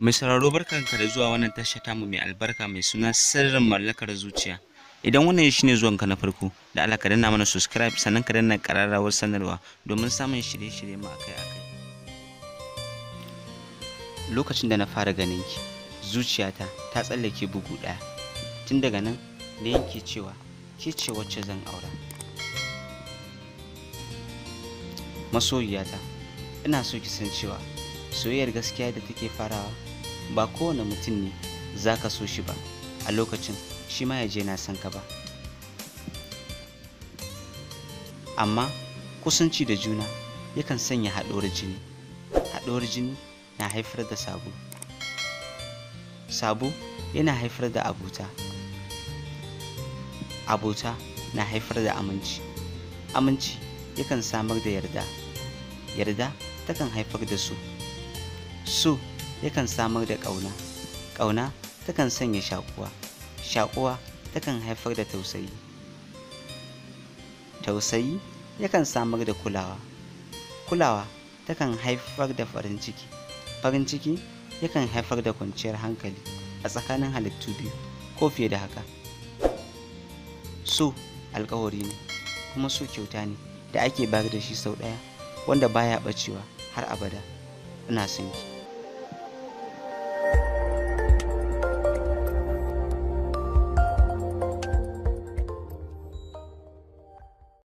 Mai sauraro ka da zuwa wannan tashar tamu mai albarka mai suna sirrin mallakar zuciya. Idan wannan shi ne zuwanka na farko, da Allah ka danna mana subscribe sannan ka danna ƙararrawar sanarwa domin samun shirye-shirye mu akai-akai. Lokacin da na fara ganin ki, zuciyata ta tsallake bugu ɗaya. Tun daga nan da yanke cewa ke ce wacce zan aura. Masoyiyata, ina so ki san cewa soyayyar gaskiya da take farawa ba kowane mutum ne za ka so shi ba a lokacin shi ma ya je na san ka ba amma kusanci da juna yakan sanya haɗuwar jini haɗuwar jini na haifar da sabo sabo yana haifar da abota abota na haifar da aminci aminci yakan samar da yarda yarda takan haifar da su so yakan samar da ƙauna ƙauna takan sanya shakuwa shakuwa takan haifar da tausayi tausayi yakan samar da kulawa kulawa takan haifar da farin ciki farin ciki yakan haifar da kwanciyar hankali a tsakanin halittu biyu ko fiye da haka so alkawari ne kuma so kyauta ne da ake bayar da shi sau ɗaya wanda baya ɓacewa har abada ina son ki